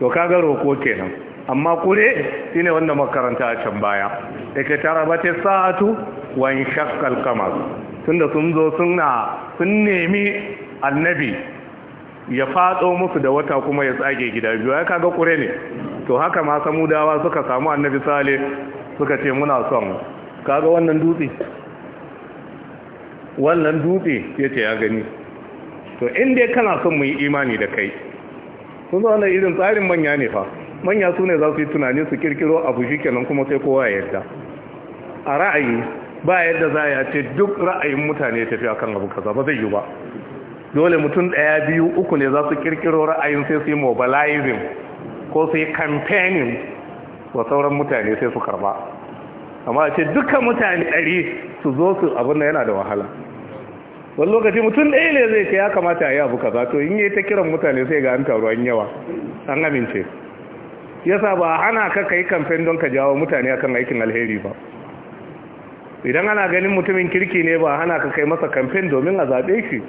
S1: to kaga roko kenan amma kure shine wanda makaranta a can baya yake tara ta sa'atu wa in shaqqal qamar tunda sun zo sun na sun nemi annabi ya faɗo musu da wata kuma ya tsage gida biyu ya kaga kure ne to haka ma dawa suka samu annabi sale suka ce muna son kaga wannan dutse wannan dutse yace ya gani to in dai kana son mu yi imani da kai sun zo wannan irin tsarin manya ne fa manya su ne za su yi tunani su kirkiro abu shi kenan kuma sai kowa ya yarda a ra'ayi ba yadda za a ce duk ra'ayin mutane tafiya kan abu kaza ba zai yi ba dole mutum ɗaya biyu uku ne za su kirkiro ra'ayin sai su yi mobilizing ko su yi campaigning wa sauran mutane sai su karba amma ce dukkan mutane ɗari su zo su abin da yana da wahala wani lokaci mutum ɗaya ne zai ce ya kamata a yi abu kaza to in yi ta kiran mutane sai ga an taru an yawa an amince yasa ba ana ka kai kamfen don ka jawo mutane akan aikin alheri ba idan ana ganin mutumin kirki ne ba hana ka kai masa kamfen domin a zaɓe shi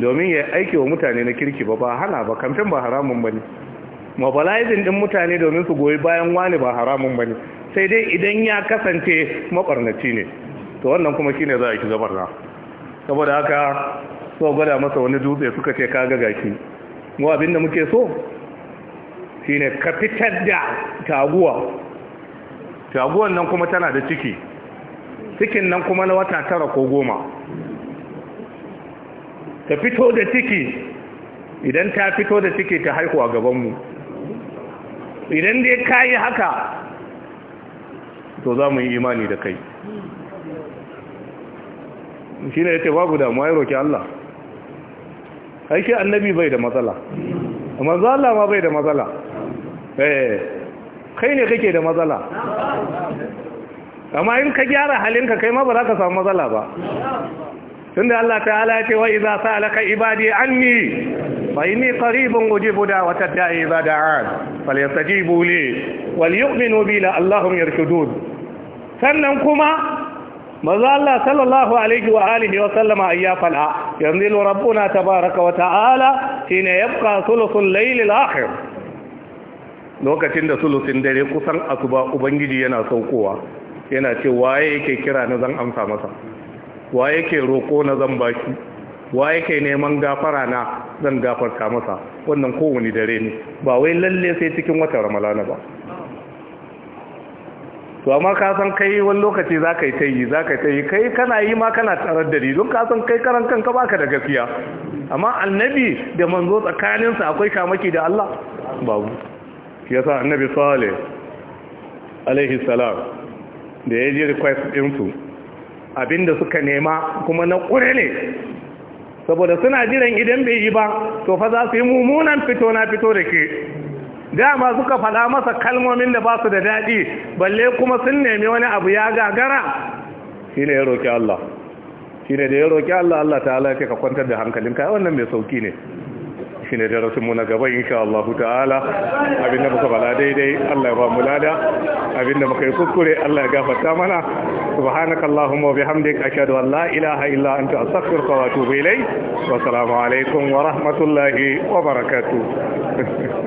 S1: domin ya aiki wa mutane na kirki ba ba hana ba kamfen ba haramun ba ne mobilizing din mutane domin su goyi bayan wani ba haramun ba ne sai dai idan ya kasance makwarnaci ne to wannan kuma shine za a yi ki na. saboda haka so gwada masa wani dutse suka ce kaga gashi mu abinda muke so shine ka fitar da taguwa taguwan nan kuma tana da ciki cikin nan kuma na wata tara ko goma ta fito da ciki idan ta fito da ciki ta haihu a gabanmu idan dai ka yi haka to za mu yi imani da kai shi ne ya ce babu damuwa ya roƙi Allah aiki annabi bai da matsala manzala ma bai da matsala eh kai ne kake da matsala amma in ka gyara halinka kai ma ba za ka samu matsala ba tunda Allah ta'ala ya ce wa idza alaka ibadi anni ni, inni qaribun ujibu da'watad da'i idza da'an falyastajibu li wal yi yu'minu bi la Allahum yarshudun sannan kuma maza Allah sallallahu alaihi wa alihi wa sallama ayya fala yanzilu ta baraka wa ta'ala hina yabqa thuluthul layli al-akhir lokacin da sulusin dare kusan asuba ubangiji yana saukowa yana ce waye yake kira na zan amsa masa wa yake roƙo na zan baki wa yake neman gafara na zan gafarta masa wannan kowane dare ne ba wai lalle sai cikin wata ramalana ba to amma ka san kai wani lokaci za ka yi ta yi za ka ta yi kai kana yi ma kana tarar da don ka san kai karan kanka baka da gaskiya amma annabi da manzo tsakaninsa akwai kamaki da Allah babu shi yasa annabi salih alaihi salam da ya je request su. Abin da suka nema kuma na ƙure ne saboda suna jiran idan bai yi ba to fa za su yi mummunan fito na fito da ke dama suka faɗa masa kalmomin da ba su da daɗi balle kuma sun nemi wani abu ya gagara shi ne ya roƙi Allah shi ne da ya roƙi Allah Allah ta ya ka kwantar da hankalin hankalinka wannan mai sauki ne shine darasin mu na gaba insha Allah ta'ala abinda muka bala daidai Allah ya ba mu lada abinda muka yi kuskure Allah ya gafarta mana subhanakallahumma wa bihamdik ashhadu an la ilaha illa anta astaghfiruka wa atubu ilayk wa assalamu alaikum wa rahmatullahi wa barakatuh *laughs*